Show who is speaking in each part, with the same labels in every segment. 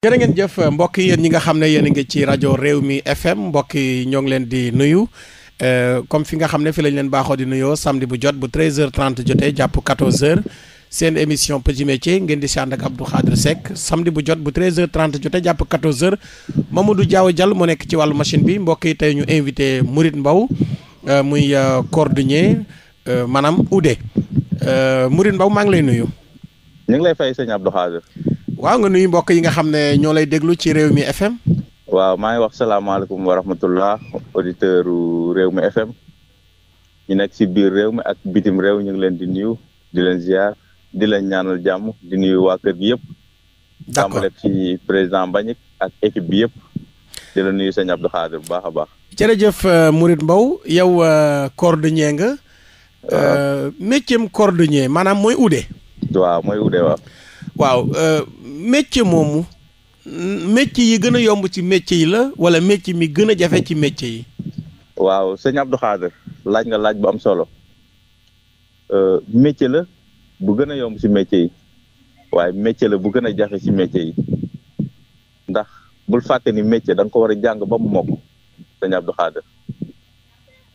Speaker 1: jërë ngeen jëf mbokk yi ñi nga xam ne yéen a ngi ci rajo réew mi FM mbokk yi ñoo ngi leen di nuyu euh, comme fi nga xam ne fi lañ leen baaxoo di nuyoo samedi bu jot bu 13h30 jotee jàpp 14h seen émission Petit Métier ngeen di si ànd ak Abdou Khadre Seck samedi bu jot bu 13h30 jotee jàpp 14h Mamadou Diaw Dial mu nekk ci wàllu machine bi mbokk yi tey ñu invité Mouride mbaw euh, muy euh, cordonnier maanaam Oudé Mouride Mbow maa ngi lay nuyu. ñu ngi lay fay sëñ Abdou Khadre waaw nga nuyu mbokk yi nga xam ne ñoo lay déglu ci réew mi FM.
Speaker 2: waaw maa ngi wax salaamaaleykum wa rahmatullah auditeur réew mi FM ñu nekk si biir réew mi ak bitim réew ñu ngi leen di nuyu di leen ziar di leen ñaanal jàmm di nuyu waa kër gi yëpp. d'accord tàmbale ci président Mbagnick ak équipe bi yëpp di la nuyu sëñ Abdou Khadir bu baax a baax.
Speaker 1: jërëjëf euh, Mouride mbaw yow euh, cordonnier nga. Ah. Euh, métier cordonnier maanaam mooy uude.
Speaker 2: waaw mooy uude waa
Speaker 1: waaw euh, métier moomu métier yi gën a yomb ci métier yi la wala métier mi gën a jafe ci métier yi.
Speaker 2: waaw sëñ Abdou Khader laaj nga laaj bu am solo euh, métier la bu gën a yomb ci métier yi waaye métier la bu gën a jafe ci métier yi ndax bul fàtte ni métier da ko war a jàng ba mu mokk sëñ Abdou Khader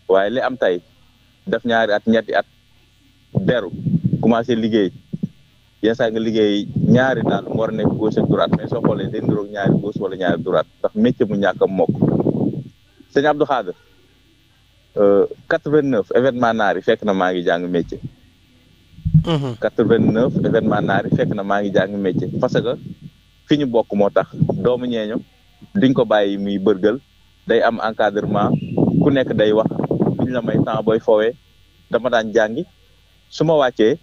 Speaker 2: waaye li am tey def ñaari at ñetti at beru commencé liggéey. yenn saa nga liggéey ñaari daal mu war a nekk gauche ak droite mais soo xoolee day niroog ñaari gauche wala ñaari droite ndax métier mu ñàkk a mokk sëñ Abdou Khader euh, quatre naar yi fekk na maa ngi jàng métier mhm. quatre vingt neuf événement naar fekk na maa ngi jàng métier parce que fi ñu bokk moo tax doomu ñeeño duñ ko bàyyi muy bërgël day am encadrement ku nekk day wax duñ la may temps booy foowee dama daan jàngi su wàccee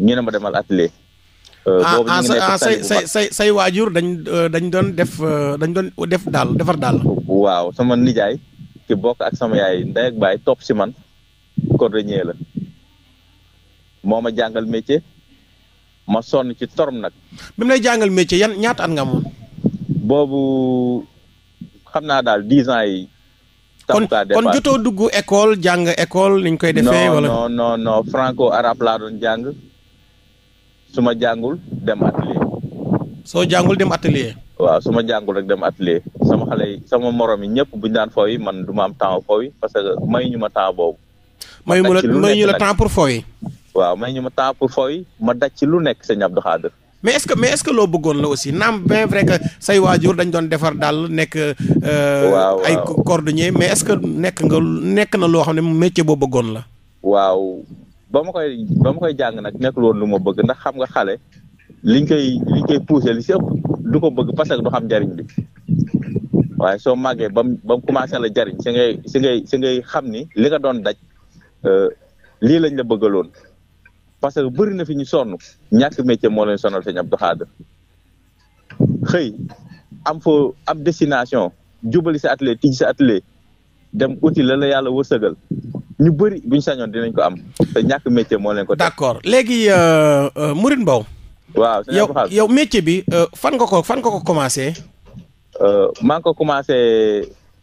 Speaker 2: ñu ne ma demal atelier. Euh, ah, boobu ñu ah, ah, say
Speaker 1: say dañ euh, dañ doon def euh, dañ doon daal defar daal.
Speaker 2: waaw sama nijaay ki bokk ak sama yaay ndey ak baay topp si man cordonnier la moo ma jàngal métier ma sonn ci torom nag. bi mu jàngal métier yan ñaat at nga amoon. boobu xam naa daal dix ans yi. kon kon jotoo
Speaker 1: dugg école jàng école niñ koy defee. wala
Speaker 2: non franco arabe laa doon jàng. su ma jàngul dem atelier. soo jàngul dem atelier. waaw su ma jàngul rek dem atelier sama xale yi sama morom yi ñëpp bu ñu daan fooy man du ma am temps fooy parce que may ñu ma temps boobu. may ñu la may ñu la temps pour fooy. waaw may ñu ma temps pour fooy ma daj ci lu nekk sëñ Abdou Khader.
Speaker 1: mais est-ce mais est que loo bëggoon la aussi naam bien vrai que say waajur dañ doon defar daal nekk. Euh, waaw ay cordonnier mais est-ce que nekk nga nekk na loo xam ne métier boo bëggoon la.
Speaker 2: waaw ba ma koy ba koy jàng nag nekkul woon lu ma bëgg ndax xam nga xale liñ koy liñ koy poussé li si ëpp du ko bëgg parce que du xam njariñ bi waaye soo màggee ba mu ba commencé la jariñ sa ngay si ngay si ngay xam ni li nga doon daj euh, lii lañ la bëggaloon parce que bëri na fi ñu sonn ñàkk métier moo leen sonal sëñ Abdou Khadre xëy am foo am destination jubali sa atelier tijji sa atelier dem uti la la yàlla wërsëgal ñu bëri bu ñu sañoon dinañ ko am te ñàkk métier moo leen ko. d'accord léegi euh, euh, Mouride Mbow. waaw yow yow métier bi euh, fan nga ko fan nga ko commencé. maa ngi ko commencé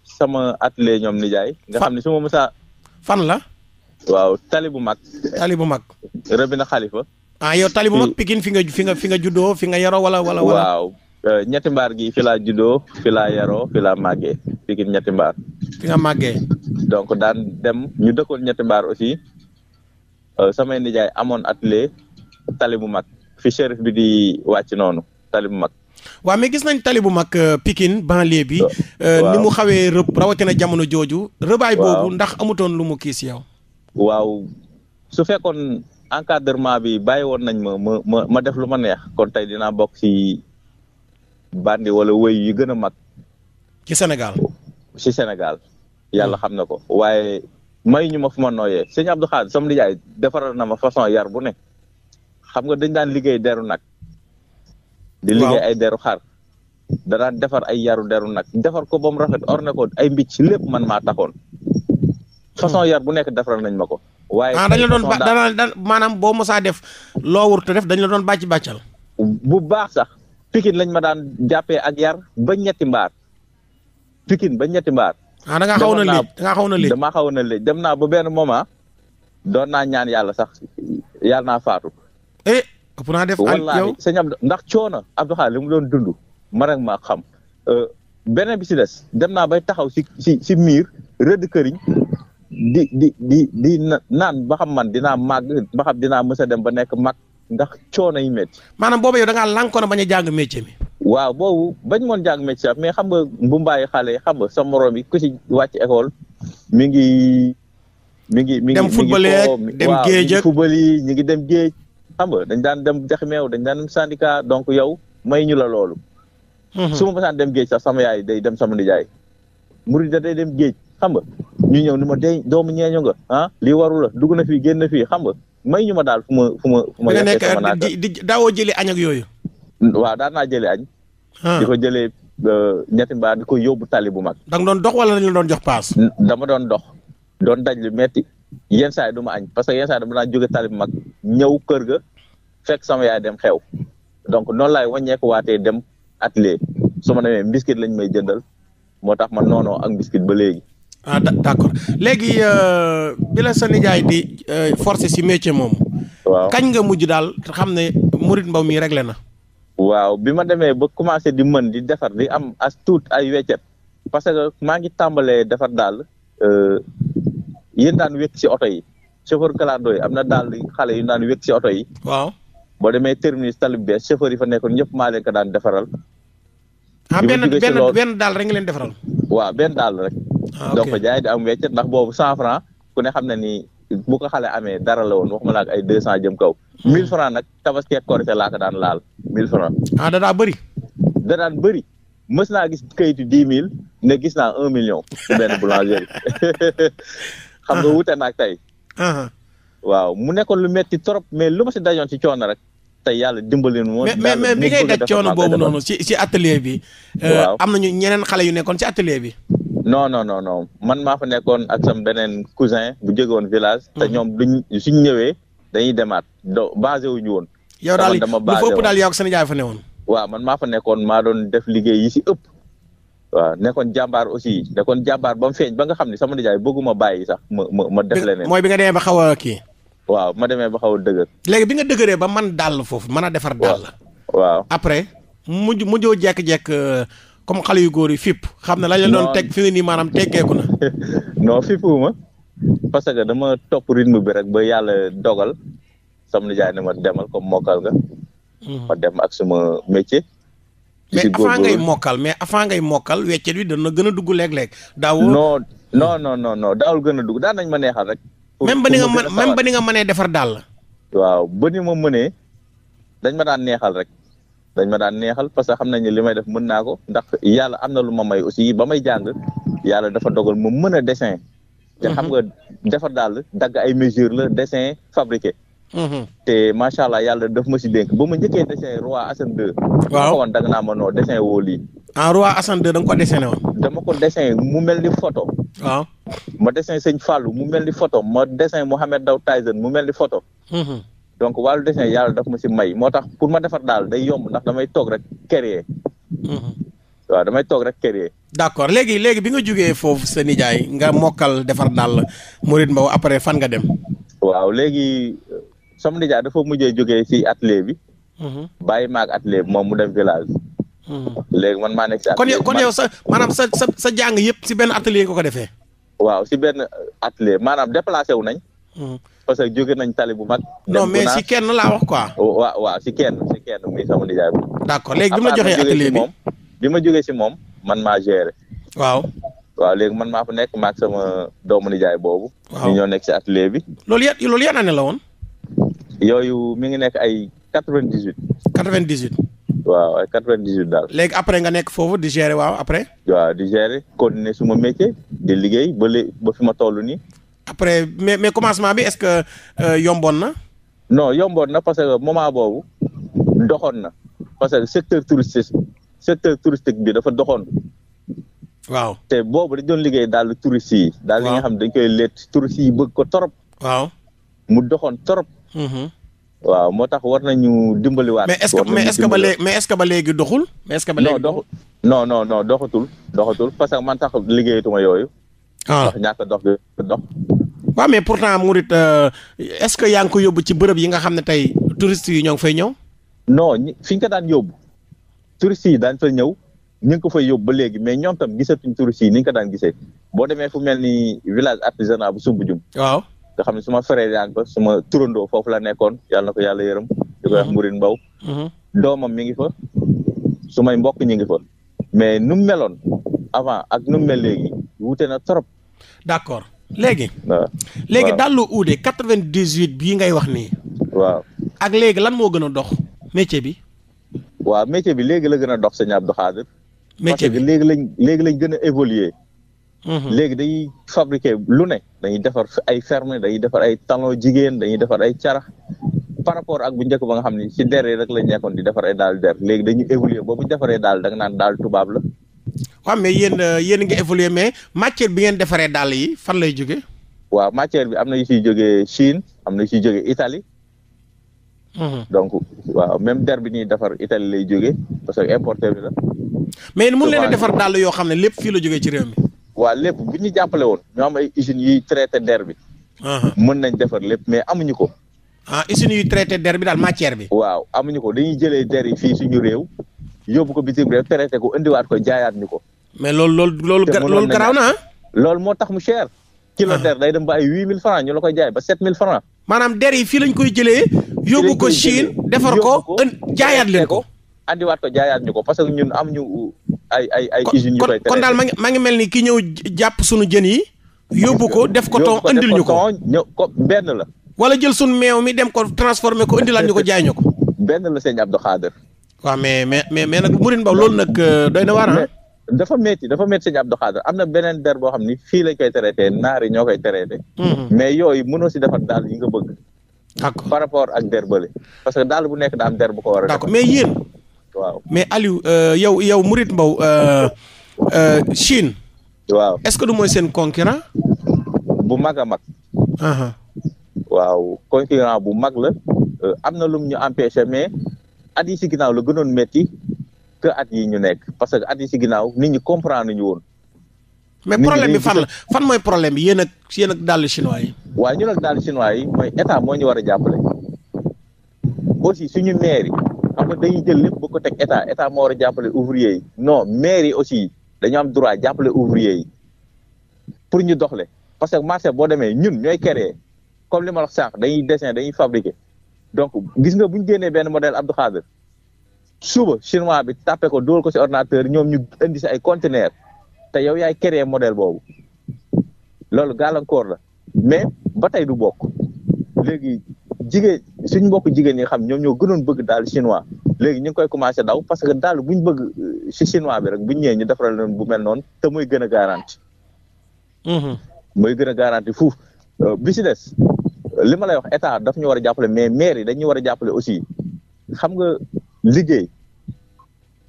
Speaker 2: sama atelier ñoom nijaay. nga xam ne su ma mësaa. fan la. waaw tali bu mag. tali bu mag. Rëbina Xalifa. ah yow tali bu mag Pikine fi nga fi nga fi nga juddoo fi nga
Speaker 1: yaroo wala wala. waaw.
Speaker 2: Euh, ñetti mbaar gi fi laa juddoo fi laa màggee Pikine ñetti mbaar. fi nga màggee. donc daan dem ñu dëkkoon ñetti mbaar aussi euh, samay nijaay amoon atelier tali bu mag fi shérif bi di wàcc noonu tali bu mag.
Speaker 1: waa mais gis nañ tali bu mag euh, pikin banlieue bi. ni mu xawee rëb rawatina jamono jooju. rëbaay boobu ndax amatoon lu mu kii si yow. waaw su fekkoon encadrement
Speaker 2: bi bàyyi woon nañ ma ma ma ma def lu ma neex kon tey dinaa bokk si. bandi wala wëy yu gën a mag. ci Sénégal. ci Sénégal yàlla hmm. xam na ko waaye may ñu ma fu ma nooyee sëñ Abdou Khadre sama nijaay defaral na ma façon yar bu nekk xam nga dañ daan liggéey deru nag. di liggéey ay deru xar. da daan defar ay yaru deru nag defar ko ba mu rafet orne ko ay mbicc lépp man maa taxoon. façon hmm. yar bu nekk defaral nañ ma ko. waaye ah dañ la doon
Speaker 1: maanaam boo mosaa def loo wurtu def dañ la doon bàcc bàccal. bu baax sax. Pikine lañ ma daan
Speaker 2: jàppee ak yar ba ñetti mbaar Pikine ba ñetti mbaar. ah da ngaa xaw na léegi da na léegi damaa xaw na léegi dem naa ba benn moment doon naa ñaan yàlla sax yàlla naa faatu. eh ëpp naa def. ak ndax coono Abdou Khadre li mu doon dund man ak maa xam euh, beneen bi si des dem naa bay taxaw si si si miir rëdd këriñ di di di naan ba xam man dinaa màgg ba xam dinaa mës dem ba nekk mag ndax coono yi métti. maanaam boobu yow da ngaa lankoon bañ a jàng métier mi. waaw boobu bañ moon jàng métier mais xam nga mbumbaayu xale yi xam nga sa morom yi ku ci wàcc ecole mi ngi. mi ngi mi ngi dem football dem géej ak football yi ñu ngi dem géej. xam dañ daan dem dex meew dañ daan dem donc yow may ñu la loolu. Mhm. su ma mosaan dem géej sax sama yaay day dem sama nijaay. murid da day dem géej xam nga ñu ñëw ni ma day doomu ñeeñu nga ah lii waru dugg na fii génna na fii xam nga may ñu ma daal fu ma fu ma fu ma di daawoo jëlee añ ak yooyu waaw daan naa jëlee añ ah. di ko jëlee euh, ñetti mbaa di ko yóbbu tali bu mag da nga doon dox wala dañ la doon jox paas dama doon dox doon daj lu metti yenn saa yi du ma añ parce que yenn saa yi dama daan jóge tali bu mag ñëw kër ga fekk sama yaay dem xew donc noonu laay wàññeeku waatee dem atelier su ma demee biscuit lañ may jëndal moo tax ma noonoo ak biscuit ba léegi ah d' accord
Speaker 1: léegi euh, bi la sa nijaay di euh, force si métier moom
Speaker 2: waaw
Speaker 3: kañ
Speaker 1: nga mujj daal xam ne Mouride Mbaw mii réglé na. waaw bi ma demee ba commencé di mën
Speaker 2: di defar di am as tuut ay weccet parce que maa ngi tàmbalee defar daal euh, yéen daan wékk si oto yi chauffeur clando yi am na daal xale yu daan wékk ci oto yi. waaw boo demee terminus talib bees chauffeur yi fa nekkoon ñëpp maa leen ka daan defaral. di ah, benn benn
Speaker 1: benn daal rek nga leen defaral.
Speaker 2: waaw benn daal rek. Ah, donc jaay di am weccet ndax boobu cent franc ku ne xam ne ni bu ko xale amee dara la woon waxuma la ak ay deux cent jëm kaw hmm. mille franc nag tabaski ak korite laa ko daan laal mille franc ah da daa bëri da daan bëri mës naa gis kayitu dix mille ne gis naa un million su benn boulangerie xam nga wute naag tey uh-huh. waaw mu nekkoon lu metti trop mais lu ma si dajoon ci coono rek tey yàlla dimbali moom mais mais bi ngay daj coono boobu noonu si ci atelier bi euh, am nañu ñeneen xale yu nekkoon ci atelier bi non non non non man maa fa nekkoon ak sam beneen cousin bu jóge woon village. te mhm. ñoom duñ suñ ñëwee dañuy demaat do basé wuñu woon. yow daal lu fa ëpp daal
Speaker 1: yow ak sa nijaay fa newoon.
Speaker 2: waaw man maa fa nekkoon maa doon def liggéey yi si ëpp. waaw nekkoon jàmbaar aussi nekkoon jàmbaar ba mu feeñ ba nga xam ne sama nijaay
Speaker 1: bëgguma bàyyi sax ma ma ma def leneen. mooy bi nga demee ba xaw a kii. waaw ma demee ba xaw a dëgër. léegi bi nga dëgëree ba man dàll foofu mën a defar dàll. waaw après mujj mujjoo jekk-jekk euh, comme xale yu góor yi fipp xam ne la ñu doon teg fi ne nii maanaam teggeeku na.
Speaker 2: non fippuwuma parce que dama topp rythme bi rek ba yàlla dogal sam nijaay
Speaker 1: ne ma demal comme mokkal nga. Hmm. ma dem ak suma métier. mais avant ngay mokkal mais avant ngay mokkal weccet wi dana gën a dugg léeg-léeg. daawul non non non non non gën a dugg daan nañ ma neexal rek. même ba ni nga mën ba ni nga mënee defar daal la.
Speaker 2: waaw ba ni ma mënee dañ ma daan neexal rek. dañ ma daan neexal parce que xam na ne li may def mën naa ko ndax yàlla am na lu ma may aussi ba may jàng yàlla dafa dogal ma mën a dessin te xam mhm. nga defar daal dagg ay mesure la dessin fabriqué mhm. te macha allah yàlla daf ma si dénk ba ma njëkkee dessin roi Assane 2 waaw woon da nga noo dessin woo lii ah roi Assane 2 ko dessiné woon ko dessin mu mel ni photo waaw ah. ma dessin sëñ Fallou mu mel ni photo ma dessin Mohamed Daw Tyson mu mel ni photo mhm. donc wàllu dessin yàlla daf ma si may moo tax pour ma defar daal day yomb ndax damay toog rek créer.
Speaker 1: Mhm. waaw damay toog rek créer. d' accord léegi léegi bi nga jógee foofu sa nijaay nga mokkal defar daal Mouride ma après fan nga dem.
Speaker 2: waaw léegi euh, sama nijaay dafa mujjee jógee si atelier bi. Mhm. bàyyi maag atelier bi moom mu dem village. Mhm. léegi man maa nekk si atelier kon yow sa maanaam sa sa sa jàng yëpp si benn atelier nga ko defee. waaw si benn atlé maanaam déplacé wu nañ. parce que jóge nañ tali bu mag. non mais si kenn laa wax quoi. waaw oh, waaw si kenn si kenn muy sama nijaay bi. d'accord léegi bi ma joxee atelier bi bi ma jógee si moom man maa géré. waaw. waaw léegi man maa fa nekk maag sama doomu nijaay boobu. ñoo nekk si atelier bi.
Speaker 1: loolu yan loolu yan année la woon. yooyu mi ngi nekk ay quatre-vingt-dix-huit. quatre-vingt-dix-huit.
Speaker 2: waaw ay quatre vingt daal. léegi après nga
Speaker 1: nekk foofu di gérer waaw après.
Speaker 2: waaw di gérer continuer suma métier di liggéey ba lé ba fi ma toll nii.
Speaker 1: après mais mais commencement bi est-ce que euh, yomboon na. non yomboon
Speaker 2: na parce que moment boobu doxoon na parce que secteur touristique secteur touristique bi dafa doxoon. waaw te boobu dañ doon liggéey daal touristes yi. daal li nga xam dañ koy leet touristes yi bëgg ko torop. waaw mu doxoon torop. Mm-hmm. waaw moo tax war nañu dimbaliwaat. mais est-ce que mais est-ce que ba léegi
Speaker 1: mais est-ce que ba léegi doxul. mais est-ce que ba léegi doxul
Speaker 2: non non non doxatul doxatul parce que man tax liggéeyatuma yooyu. ah ndax ñàkk dox
Speaker 1: dox. waaw mais pourtant Mouride euh, est-ce que yaa ngi ko yóbbu ci bërëb yi nga xam ne tey touristes yi ñoo ngi fay ñëw. no fi ñu ko daan yóbbu touristes yi daan fa ñëw ñu
Speaker 2: ngi ko fay yóbbu ba léegi mais ñoom tam gisatuñ touristes yi ni ñu ko daan gisee boo demee fu mel ni village artisanal bu Soumbédioune. waaw nga xam ne suma frère yaa ngi fa suma turandoo foofu la nekkoon yàlla na ko yàlla yërëm. di ko wax Mouride Mbow. Mm-hmm. doomam mi ngi fa sumay mbokk ñu ngi fa.
Speaker 1: mais nu mu meloon avant ak nu mel léegi wute na trop. d'accord. léegi. Ah. waaw léegi dàllu uude quatre-vingt-dix-huit bii ngay wax nii.
Speaker 2: waaw ak
Speaker 1: léegi lan moo gën a dox métier bi.
Speaker 2: waaw métier bi léegi la gën a dox
Speaker 1: sëñ Abdou Khadir.
Speaker 2: métier bi léegi lañ léegi lañ gën a évoluer. Mhm. léegi dañuy fabriquer lu ne dañuy defar ay ferme dañuy defar ay talon jigéen dañuy defar ay carax par rapport ak bu njëkk ba nga xam ne ci der yi rek lañ nekkoon di defar ay daal der léegi dañuy évoluer boobu defaree daal danga naan daal tubaab la.
Speaker 1: waaw mais yéen euh, yéen nga évolué mais matière bi ngeen defaree dàll yi fan
Speaker 2: lay jóge waaw matière bi am na yu siy jógee Chine am na yu siy jógee Italie. Mhm. donc waaw même der bi ñuy defar Italie lay jóge parce que importeur bi la. mais mun leen defar dàll yoo xam ne lépp fii la jógee ci réew mi. waaw lépp bu ñu jàppale woon ñu am ay usines yuy traité der bi. Mhm. mën nañ defar lépp mais amuñu ko. ah usines yuy traité der bi daal matière bi. waaw amuñu ko dañuy jëlee der yi fii suñu réew. yóbbu ko bitim réew traité ko indiwaat ko jaayaat ñu ko. mais lool loolu loolu. te loolu garaaw na ah? loolu moo tax mu cher. kilo ah. der day dem ba ay huit mille francs ñu la koy jaay ba sept mille francs. maanaam der yi fii lañ koy jëlee. yóbbu ko Chine defar ko jaayaat leen ko. andiwaat ko jaayaat ñu ko parce que ñun am ay ay ay usines. yu kon daal ma ngi
Speaker 1: ma ngi mel ni ki ñëw jàpp suñu jën yi. yóbbu ko def ko ton andil ñu ko ko benn la. wala jël suñu meew mi dem ko transformé ko indilaat ñu ko jaay ñu ko. benn la sëñ Abdou Khader. waaw mais mais mais mais nag Mourine Mbaw loolu nag euh,
Speaker 2: doy na waar ah. dafa métti dafa métti sëñ Abdou am na beneen der boo xam ni fii lañ koy traité naar yi ñoo koy traité. Hmm. mais yooyu mënoo si defar daal yi bëgg. par rapport ak der bële parce que daal bu nekk daa am der ko a. d'accord mais
Speaker 1: waaw mais Aliou euh, yow yow Mouride Mbaw euh, Chine. est-ce que du mooy seen concurrent. bu mag a mag. Uh-huh.
Speaker 2: waaw concurrent bu mag la am na lum ñu empêché mais. at yi ci ginnaaw la gënoon métti que at yi ñu nekk parce que at yi ci ginnaaw nit ñi comprendre ñu woon. mais problème bi fan la fan mooy problème bi yéen ak yéen ak dàll chinois yi. waaw ñun ak dàll chinois yi mooy état moo ñu war a jàppale. aussi suñu maire yi xam nga dañuy jël lépp ba ko teg état état moo war a jàppale ouvrier yi non maire yi aussi dañoo am droit jàppale ouvrier yi pour ñu doxle parce que marché boo demee ñun ñooy créer comme li ma la wax dañuy dessin dañuy fabriquer. donc gis nga bu ñu génnee benn modèle Abdou Khader suba chinois bi tàppe ko dóol ko si ordinateur ñoom ñu indi si ay conteneur te yow yaay créer modèle boobu loolu gàllankoor la mais ba tey du bokk léegi jigéen suñu mbokk jigéen ñi xam ñoom ñoo gënoon bëgg daal chinois léegi ñu ngi koy commencé daw parce que daal bu ñu bëgg si euh, chinois bi rek bu ñu ñëwee ñu defaral leen bu mel noon te muy gën a garanti. muy mhm. gën a garanti fuuf euh, bi si des li ma lay wax état daf ñu war a jàppale mais maire yi dañu war a jàppale aussi xam nga liggéey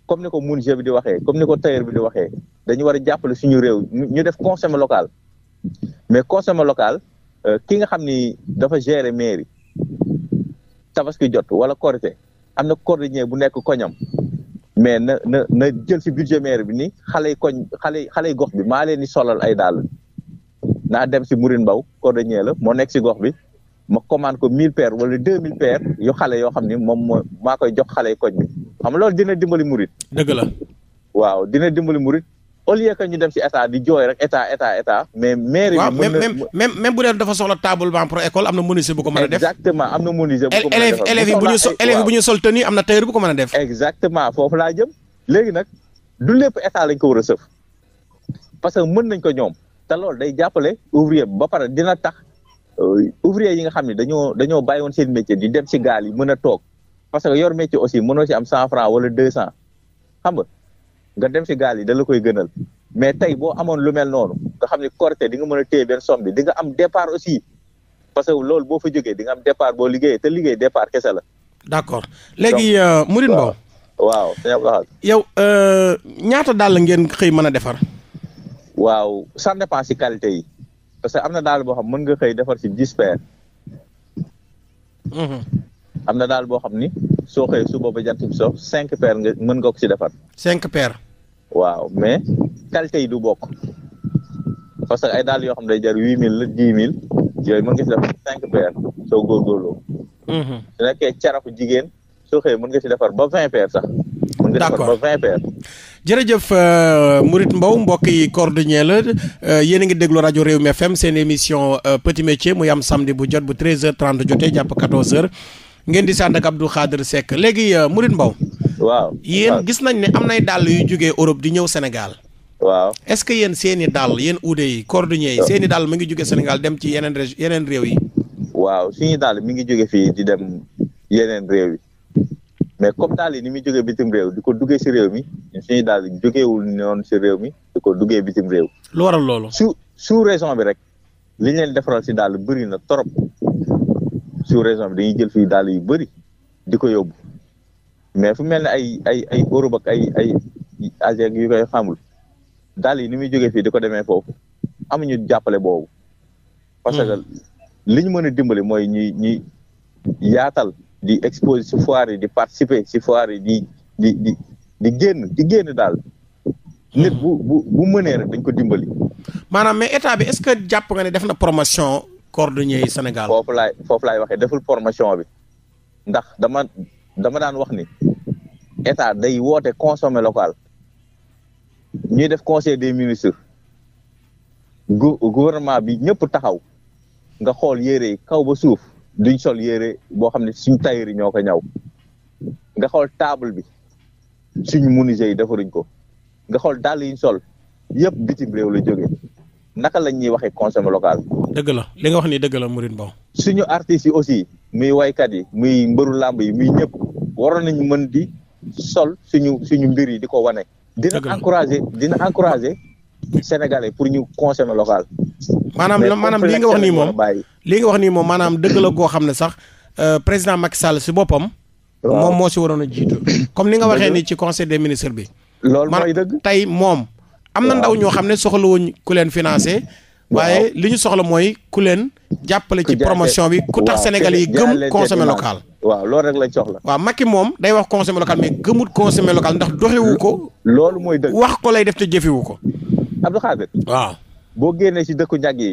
Speaker 2: comme ni ko menuisier bi di waxee comme ni ko tailleur bi di waxee dañu war a jàppale suñu réew ñu def consommé local mais consommé local euh, ki nga xam ni dafa gérer mairie tabaski jot wala korite am na coordinateur bu nekk koñam mais na na na jël si budget maire bi ni xale yi koñ xale yi gox bi maa leen di solal ay daal naa dem si Mourine Mbaw coordinateur la moo nekk si gox bi ma commande ko mille paires wala deux mille paires yu xale yoo xam ni moom moo maa koy jox xale yi koñ bi xam loolu dina dimbali murit dëgg la waaw dina dimbali murit au lieu que ñu dem si état di jooy rek état état état mais maire bi
Speaker 1: mën bu dee dafa soxla table na menuisier bu a def exactement am na menuisier bu a def élèves yi bu ñu sol élèves yi bu ñu sol tenue am na tailleur bu ko mën laa jëm léegi nag
Speaker 2: du lépp état lañ ko war a sëf parce que mën nañ ko ñoom te loolu day jàppale ouvrier ba pare dina tax ouvrier yi nga xam ne dañoo dañoo bàyyi woon seen métier di dem si gaal yi mën a toog parce que yor métier aussi mënoo si am cent franc wala deux cent xam nga nga dem si gaal yi da la koy gënal mais tey boo amoon lu mel noonu nga xam ne Korité di nga mën a téye benn somme bi di nga am départ aussi parce que loolu boo fa jógee di nga am départ boo liggéeyee te liggéey départ kese la.
Speaker 1: d'accord léegi euh, Mouride Mbow. waaw yow euh, ñaata daal ngeen xëy mën a defar. waaw ça dépend si qualité yi.
Speaker 2: parce que am na daal boo xam mën nga xëy defar si dix paires. Mhm. am na daal boo xam ni soo xëyee su booba jant bi soo cinq paires nga mën nga ko ci defar. cinq per waaw mais qualité yi du bokk parce que ay daal yoo xam day jar huit mille la dix mille yooyu mën nga si defar cinq paires soo góorgóorloo. Mhm. su nekkee carafu jigéen soo xëyee mën nga ci defar ba vingt per sax. mën nga defar ba vingt
Speaker 1: jërëjëf euh, Mouride Mbow mbokk yi cordonnier la euh, yéen a ngi déglu rajo réew mi FM seen émission euh, petit métier muy am samedi bu jot bu treize heures trente jotee jàpp quatorze heures ngeen di sànd ak du Khadre sekk léegi Mouride Mbow waaw yéen gis nañ ne am nay dàll yu jógee Europe di ñëw Sénégal waaw est-ce que yéen seeni i dàll yéen uude yi cordonnier yi seen i mu ngi jóge Sénégal dem ci yeneen yeneen réew yi waaw suñu
Speaker 2: dàll mi ngi jóge fii di dem yeneen réew yi mais comme daal yi ni muy jógee bitim réew di ko duggee si réew mi ñun suñuy daal di noonu si réew mi di ko duggee bitim réew.
Speaker 1: lu waral loolu. su
Speaker 2: su raison bi rek li ñu leen defaral si daal bëri na trop su raison bi dañuy jël fii daal yu bëri di ko yóbbu mais fu mel ni ay ay ay Europe ay ay Asie yu koy xamul daal yi ni muy jógee fii di ko demee foofu amuñu jàppale boobu. parce que hmm. li ñu mën a dimbali mooy ñuy ñuy yaatal. di exposer si foire di participer si foire yi di di di di génn di génn daal nit bu bu bu mënee rek dañ ko dimbali.
Speaker 1: maanaam mais état bi est-ce que jàpp nga ne def na promotion cordonnier yi Sénégal. foofu laay foofu laay waxee deful promotion bi
Speaker 2: ndax dama dama daan wax ni état day woote consommer local ñuy def conseil des ministres gouvernement bi ñëpp taxaw nga xool yére kaw ba suuf. duñ sol yére boo xam ne suñ tailleur yi ñoo ko ñaw nga xool taable bi suñu menuisier yi defaruñ ko nga xool dàll yiñ sol yëpp bitim réew la jóge naka lañ ñuy waxee consommé local.
Speaker 1: dëgg la li nga wax ni dëgg la Mouride Mbow.
Speaker 2: suñu artistes yi aussi muy waykat yi muy mbëru làmb yi muy ñëpp waroon nañu mën di sol suñu suñu mbir yi di ko wane. dina
Speaker 1: encourager dina encourager. sénégalais pour ñu consommer local. maanaam maanaam li nga wax nii moom li nga wax nii moom maanaam dëgg la goo xam ne sax euh, président Macky Sall si boppam. moom moo si waroon a jiitu. comme ni nga waxee nii ci conseil des ministres bi. loolu mooy dëgg tey moom. am na ndaw ñoo xam ne soxla wuñ ku leen financé. waaye li ñu soxla mooy ku leen jàppale ci promotion bi ku tax Sénégal yi gëm consommer local. waaw loolu rek lañ soxla. waaw Macky moom day wax consommer local mais gëmut consommer local ndax doxewu ko. loolu mooy dëgg wax ko def te jëfewu ko. Abdou Khadir waaw boo génnee si dëkku njag yi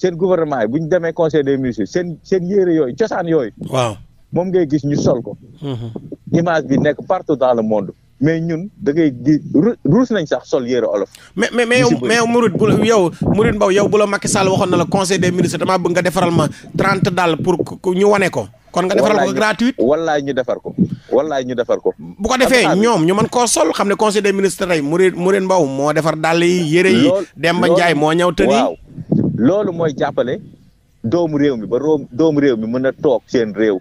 Speaker 2: seen gouvernement yi bu ñu demee conseil des ministres seen seen yére yooyu cosaan yooyu waaw moom ngay gis ñu sol ko mhm. image bi nekk partout dans le monde mais ñun da ngay di
Speaker 1: ruus nañ sax sol yére olof. mais mais mais yow Mouride bu yow Mouride Mbow yow bu la Macky Sall waxoon na la conseil des ministres damaa bëgg nga defaral ma trente daal pour ñu wane ko. kon nga defaral ko gratuite.
Speaker 2: wallaay ñu defar ko. wallaay ñu defar ko. bu
Speaker 1: ko defee ñoom ñu man koo sol xam ne conseil des ministres tey Mouride Mouride Mbow moo defar dàll yi yére yi. ba Ndiaye moo ñëw tënk. waaw loolu mooy
Speaker 2: jàppale doomu réew mi ba doomu réew mi mën a toog seen réew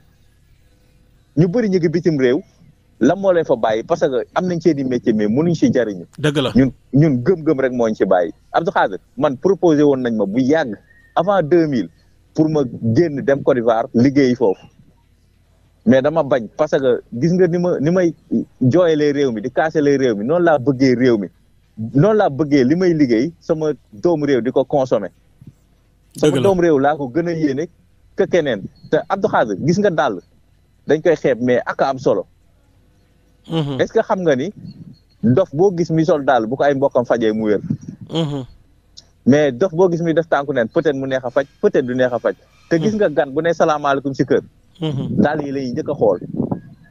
Speaker 2: ñu bëri ñu ngi bitim réew. lan moo leen fa bàyyi parce que am nañ seen i métier mais mënuñ si jariñu dëgg la ñun ñun gëm-gëm rek moo ñu si bàyyi. Abdou Khadir man proposé woon nañ ma bu yàgg avant 2000 pour ma génn dem Côte liggéey foofu mais dama bañ parce que gis nga ni ma ni may jooyalee réew mi di kaasalee réew mi noonu laa bëggee réew mi noonu laa bëggee li may liggéey sama doomu réew di ko consommer sama doomu réew laa ko gën a yéene que keneen te Abdou Khadre gis nga dàll dañ koy xeeb mais ak am solo mm-hmm. est-ce que xam nga ni dof boo gis mi sol dàll bu ko ay mbokkam fajee mu wér mm-hmm. mais dof boo gis mi def tànku neen peut mu neex a faj peut du neex a faj te gis mm-hmm. nga gan bu ne salaamaaleykum si kër taal mm-hmm. yi la ñuy a xool.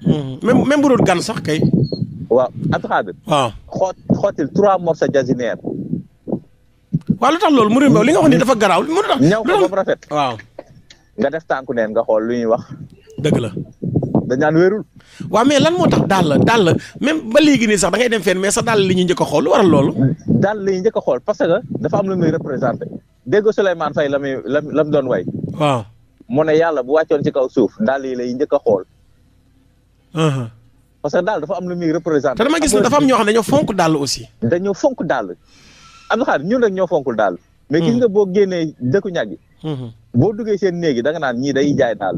Speaker 1: Mm-hmm. même même bu doon gan sax kay. waaw Abdou waaw xoot xootil trois morceaux jazinaire. waaw lu tax loolu mu rimba li nga wax ni mm-hmm. dafa garaaw mu tax. ñaw ko ba mu rafet. waaw. nga def tànku neen nga xool lu ñuy wax. dëgg la. dañaan naan wéerul. waaw mais lan moo tax daal la daal la même ba léegi nii sax da ngay dem feen mais sax daal li ñuy njëkk a xool lu waral loolu. daal la ñuy xool parce que dafa am lu muy représenté dégg Souleymane Faye
Speaker 2: la muy la mu doon way mu ne yàlla bu wàccoon ci kaw suuf daal yi lay njëkk a xool. Uh-huh. parce que daal dafa am lu muy représenté. te dama gis ne dafa am ñoo
Speaker 1: dañoo fonk daal aussi.
Speaker 2: dañoo fonk daal am xaar ñun rek ñoo fonkul daal. mais gis uh-huh. nga boo génnee dëkku ñag yi. Uh-huh. boo duggee seen néeg yi da nga naan ñii day jaay daal.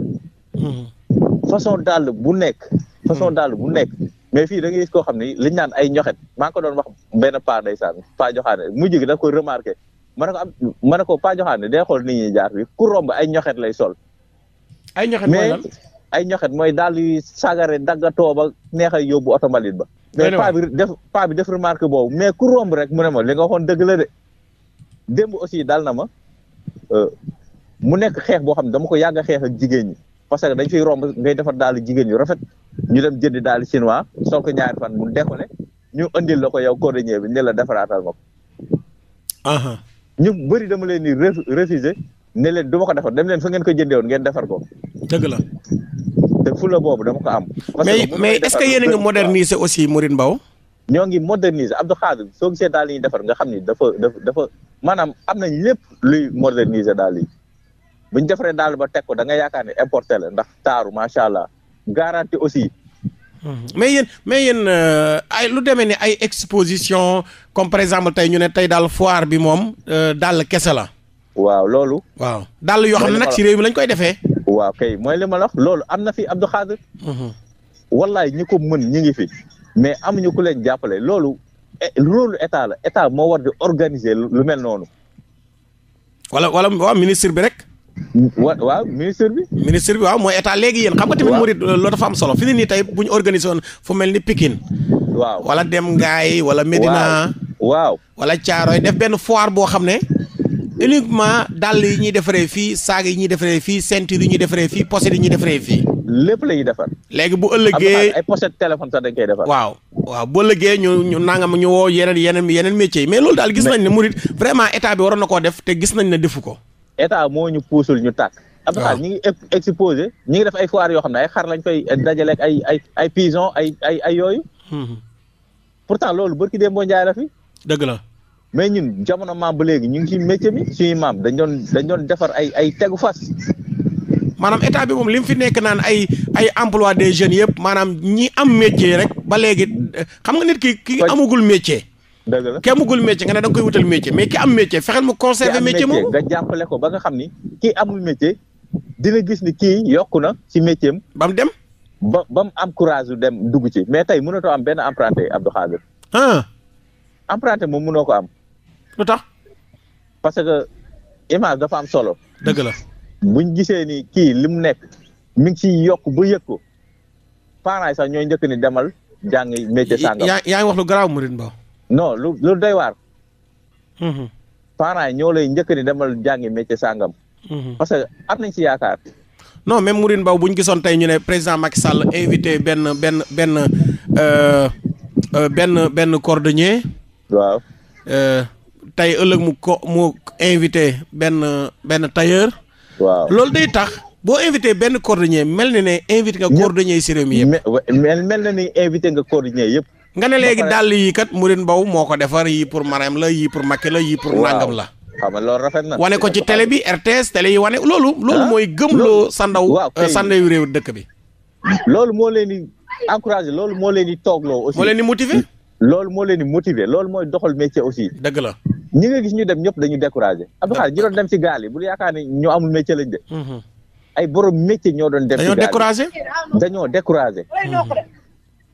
Speaker 2: façon daal bu nekk. façon daal bu nekk. mais fii danga ngay gis koo xam ne liñ naan ay ñoxet maa ko doon wax benn paa ndeysaan paa joxaane mujj gi da koy remarqué. ma ne ko am xaam ne ko day xool nit ñuy jaar bi ku romb ay ñoxet lay sol.
Speaker 1: ay ñoxet mooy lan
Speaker 2: ay ñoxet mooy daal di sagare daggatoo ba neex a yóbbu oto mbalit ba. mais paa bi def paa bi def remarque boobu mais ku romb rek mu ne ma li nga waxoon dëgg la de démb aussi dal na ma euh, mu nekk xeex boo xam ne dama ko yàgg xeex ak jigéen ñi parce que dañ fi romb ngay defar daal jigéen ñu rafet ñu dem jëndi daal chinois sol ko ñaari fan mu décollé ñu andil la ko yow cordonnier bi ne la defaraatal ma ñu bëri dama leen nii refuser ne leen du ko defar dem leen fa ngeen ko jëndee woon ngeen defar ko. dëgg la. te fula boobu dama ko am. parce que mais mais est-ce que yéen a moderniser aussi Mouride Mbaw. ñoo ngi moderniser Abdou Khadir soo gisee daal yi defar nga xam ni dafa dafa dafa maanaam am nañ lépp luy moderniser daal yi bu ñu defaree daal ba teg ko da nga yaakaar ne importé la ndax taaru macha allah
Speaker 1: garanti aussi Mm-hmm. mais yéen mais yéen euh, ay lu demee ni ay exposition comme par exemple tey ñu ne tey daal foire bi moom euh, dàll kese la.
Speaker 2: waaw loolu. waaw dàll yoo xam ne nag si réew
Speaker 1: mi lañ koy defee. waaw kay mooy li ma la loolu am na fi Abdou Khadir.
Speaker 3: Mm-hmm.
Speaker 2: wallaay ñi ko mën ñi ngi fi. mais amuñu ko leen jàppale loolu eh, loolu état la état moo war di organiser lu mel noonu.
Speaker 1: wala wala waa ministre bi rek. waaw ministre bi. ministre bi waaw mooy état léegi yéen xam nga tamit murid euh, loolu dafa am solo fi nii tey bu ñu organisé woon fu mel ni Pikine. waaw wala dem ngaay wala Medina. waaw wala Caaroy def benn foire boo xam ne. uniquement dàll yi ñuy defaree fii saag yi ñuy defaree fii ceinture yi ñuy defaree fii pochette yi ñuy lépp la ñuy defar. léegi bu ëllëgee ay pochette téléphone sax dañ koy defar. waaw waaw bu ëllëgee ñu ñu nangam ñu woo yeneen yeneen yeneen métiers yi mais loolu daal gis nañ ne murid vraiment état bi waroon na koo def te gis nañ ne defu ko.
Speaker 2: état moo ñu puusul ñu
Speaker 1: tàkk Abdou Khadre
Speaker 2: ñi ngi exposé
Speaker 1: ñi ngi def ay foire yoo xam ne ay xar lañ fay
Speaker 2: dajale ay ay ay pigeon ay ay ay yooyu hmm. pourtant loolu bërki dee mboo njaay la fi dëgg na mais ñun jamono maam ba léegi ñu ngi ci métier bi suñuy maam dañ doon dañ doon
Speaker 1: defar ay ay tegu fas maanaam état bi moom li mu fi nekk naan ay ay emplois de jeunes yëpp maanaam ñi am métier rek ba léegi xam nga nit ki ki amugul métier dëgg la kii amagul métier nga ne da nga koy wutal métier mais ki am métier fexeel mu conserver métier moom nga jàppale ko ba nga xam ni kii amul métier dina gis ni kii yokku na ci métier ba mu dem
Speaker 2: ba ba mu am courage dem dugg ci mais tey mënatoo am benn emprunté Abdou Khadir ah emprunté moom mënoo ko am lu tax parce que image dafa am solo dëgg la buñ gisee ni kii li mu nekk mu ngi ciy yokk ba yëg ko parents yi sax ñooy njëkk ni demal jàng métier sàngam yaa
Speaker 1: ngi wax lu garaaw Mouride Mbow
Speaker 2: non lu lu doy waar. Mm-hmm. parents yi ñoo lay njëkk ni demal jàngi métier sàngam.
Speaker 1: Mm-hmm. parce que am nañ ci yaakaar. non même Mourine Mbaw bu ñu gisoon tey ñu ne président Macky Sall invité benn benn benn euh, euh, benn benn cordonnier. waaw. Euh, tey ëllëg mu ko mu invité benn benn tailleur. waaw loolu day tax. boo invité benn cordonnier mel na ne invité nga cordonnier si réew mi yëpp. mel mel na ni invité nga cordonnier yëpp. nga ne léegi dàll yii kat Mourine Mbow moo ko defar yii pour Marème la yii pour Macky la yii pour nangam la xam loolu rafet na wane ko ci télé bi RTS télé yi wane loolu loolu ah, mooy gëm loo sandaw sandaw euh, réew dëkk bi
Speaker 2: loolu moo leen di encouragé loolu moo leen di toogloo aussi leen di motiver moo leen di motiver loolu mooy doxal métier aussi dëgg la ñu nga gis ñu dem ñëpp dañu découragé Abdou Khadre ñi doon dem ci gaal yi bul yaakaar ne ñu amul métier lañ de mhm. ay borom métier ñoo doon dem ci dañoo découragé dañoo découragé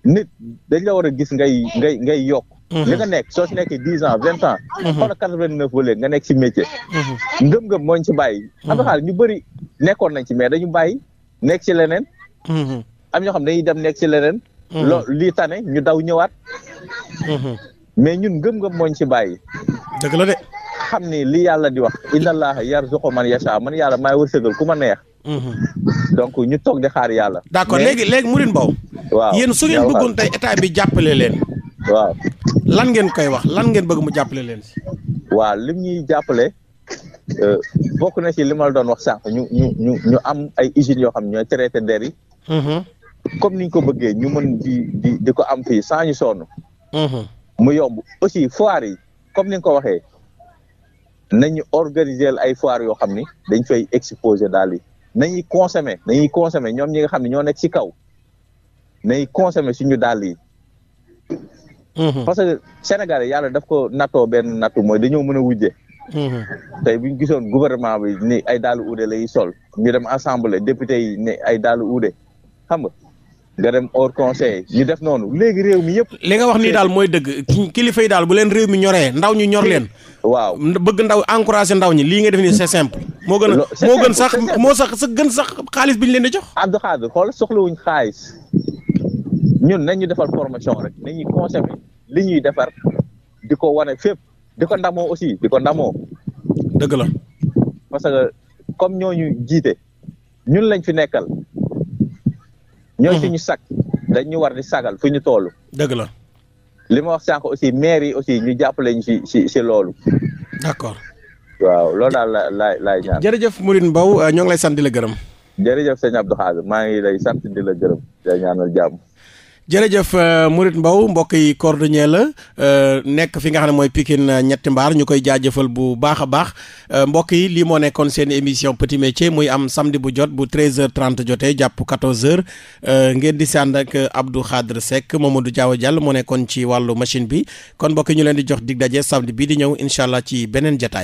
Speaker 2: nit dañ la war a gis ngay ngay ngay yokk. Mhm. li nga nekk soo si nekkee dix ans vingt ans. Mhm. xoolal quatre vingt neuf ba léegi nga nekk si métier. Mhm. ngëm-ngëm mooñ si bàyyi. am na ñu bëri nekkoon nañ ci mais dañu bàyyi nekk si leneen. am ñoo xam dañuy dem nekk si leneen. loo lii tane ñu daw ñëwaat. mais ñun ngëm-ngëm mooñ ñu si bàyyi. dëgg la de. xam ni li yàlla di wax. inna allaha yarzuqu man yasha man yàlla maay wërsëgal ku ma neex. Mm-hmm. donc ñu toog di xaar yàlla. d' accord léegi léegi
Speaker 1: mu Mbow. waaw yéen su ngeen bëggoon tey bi jàppale leen. waaw lan ngeen koy wax lan ngeen bëgg mu jàppale leen si. waaw lim ñuy jàppale euh, bokk
Speaker 2: na ci li ma doon wax sànq ñu ñu ñu ñu am ay usines yoo xam ñooy traité der yi. Mm-hmm. comme ni ñu ko bëggee ñu mën di di di ko am fii sans ñu sonn. Mm-hmm. mu yomb aussi foire yi comme ni nga ko waxee ñu organiser ay foire yoo xam ni dañ fay exposer daal yi. nañuy consommer nañuy consommer ñoom ñi nga xam ne ñoo nekk ci kaw nañuy consommer suñu dàll yi. Mhm. parce que Sénégal yi yàlla daf ko nattoo benn nattu mooy dañoo mën a wujje. Mhm. te bu ñu gisoon gouvernement bi ni ay dàll uude lay sol ñu dem assemblée député yi ni ay dàll uude xam nga dem hors conseil ñu def noonu léegi réew mi yëpp.
Speaker 1: li nga wax nii daal mooy dëgg kilifa yi daal bu leen réew mi ñoree ndaw ñu ñor leen. waaw bëgg ndaw encouragé ndaw ñi lii nga def nii sa simple. moo gën a gën sax moo sax sa gën sax xaalis bi ñu leen di jox. Abdou Khadre xool soxlawuñ xaalis
Speaker 2: ñun nañ ñu defal formation rek nañuy consommer li ñuy defar di ko wane fépp di ko ndamoo aussi di ko ndamoo. dëgg la. parce que comme ñooñu jiite ñun lañ fi nekkal. ñooy mhm. ñu sag dañ ñu war di sagal fu ñu toll. dëgg la li ma wax sànq aussi maire yi aussi ñu jàpp ñu si si si loolu. d'accord. waaw loolu daal la laay laay ñaan.
Speaker 1: jërëjëf Mouride Mbow ñoo ngi lay sant di la gërëm. jërëjëf sëñ Abdou Khadre maa ngi lay sant di
Speaker 2: la gërëm di la ñaanal jàmm.
Speaker 1: jërëjëf euh, Mouride Mbow mbokk yi cordonnier la euh, nekk fi nga xam ne mooy Pikine euh, ñetti mbaar ñu koy jaajëfal bu baax a baax mbokk yi lii moo nekkoon seen émission petit ci muy am samedi bu jot bu 13h30 jotee jàpp 14h ngeen di sànd ak Abdou Khadre Seck Mamadou Diaw jàll moo nekkoon ci wàllu machine bi kon mbokk ñu leen di jox dig daje samedi bii di ñëw incha allah ci beneen jataay